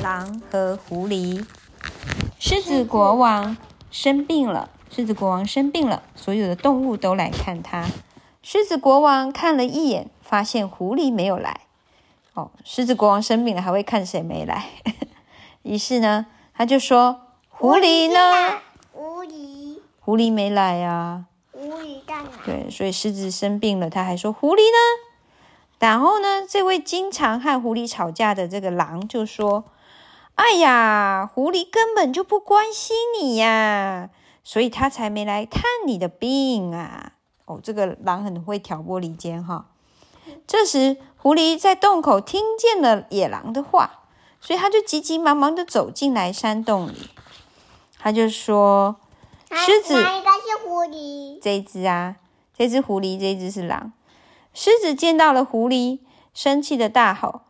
狼和狐狸，獅子國王生病了。獅子國王生病了，所有的動物都來看他。獅子國王看了一眼，發現狐狸沒有來。哦，獅子國王生病了，還會看誰沒來？於是呢，他就說：“狐狸呢？狐狸，狐狸沒來呀、啊。”狐狸幹嘛？對，所以獅子生病了，他還說：“狐狸呢？”然後呢，這位經常和狐狸吵架的這個狼就說。哎呀，狐狸根本就不關心你呀、啊，所以他才沒來看你的病啊。哦，這個狼很會挑撥離間哈、哦。這時，狐狸在洞口聽見了野狼的話，所以他就急急忙忙的走進來山洞裡。他就說：“哪獅子，是狐狸這隻啊，這隻狐狸，這隻是狼。”獅子見到了狐狸，生氣的大吼：“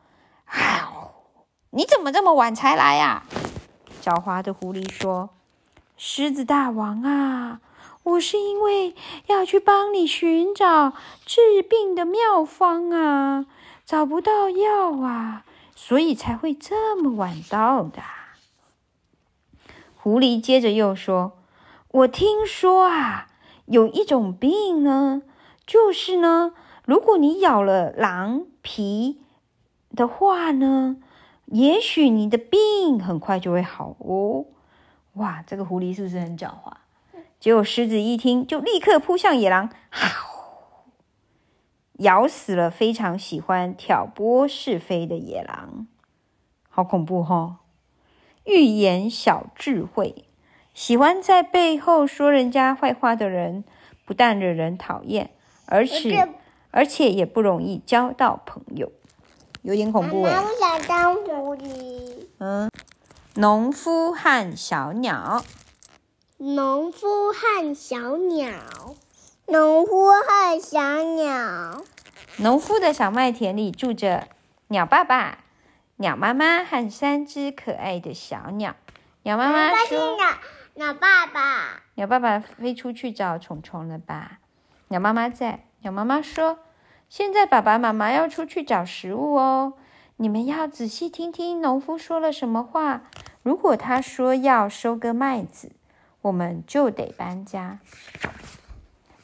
啊！”你怎麼這麼晚才來呀、啊？狡猾的狐狸說：“獅子大王啊，我是因為要去幫你尋找治病的妙方啊，找不到藥啊，所以才會這麼晚到的。”狐狸接着又說：“我聽說啊，有一種病呢，就是呢，如果你咬了狼皮的話呢。”也許你的病很快就會好哦！哇，這個狐狸是不是很狡猾？結果獅子一聽就立刻撲向野狼，哈，咬死了非常喜歡挑撥是非的野狼。好恐怖哦。寓言小智慧：喜歡在背後說人家壞話的人，不但惹人討厭，而且而且也不容易交到朋友。有點恐怖啊、欸。我想當狐狸。嗯，農夫，農夫和小鳥。農夫和小鳥，農夫和小鳥。農夫的小麥田裡住着鳥爸爸、鳥媽媽和三隻可愛的小鳥。鳥媽媽說。鳥爸爸。鳥爸爸飛出去找蟲蟲了吧？鳥媽媽在。鳥媽媽說。現在爸爸媽媽要出去找食物哦，你們要仔細聽聽農夫說了什麼話。如果他說要收割麥子，我們就得搬家。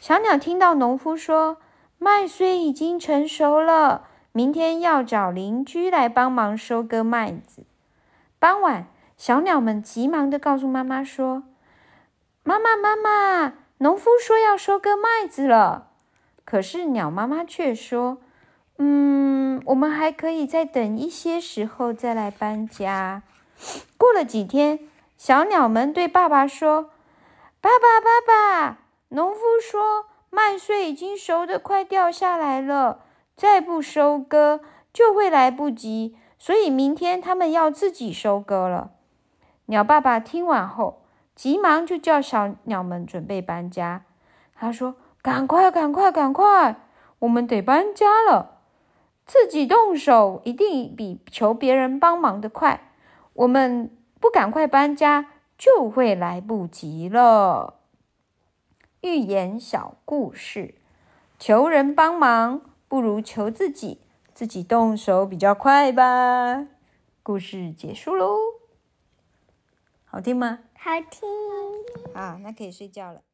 小鳥聽到農夫說麥穗已經成熟了，明天要找鄰居來幫忙收割麥子。傍晚，小鳥們急忙地告訴媽媽說：“媽媽，媽媽，農夫說要收割麥子了。”可是鳥媽媽卻說：“嗯，我們還可以再等一些時候再來搬家。”過了幾天，小鳥們對爸爸說：“爸爸，爸爸！”農夫說：“麥穗已經熟得快掉下來了，再不收割就會來不及，所以明天他們要自己收割了。”鳥爸爸聽完後，急忙就叫小鳥們準備搬家。他說。趕快，趕快，趕快！我們得搬家了。自己動手，一定比求別人幫忙的快。我們不趕快搬家，就會來不及了。寓言小故事：求人幫忙不如求自己，自己動手比較快吧。故事結束嘍，好聽嗎？好聽。啊，那可以睡覺了。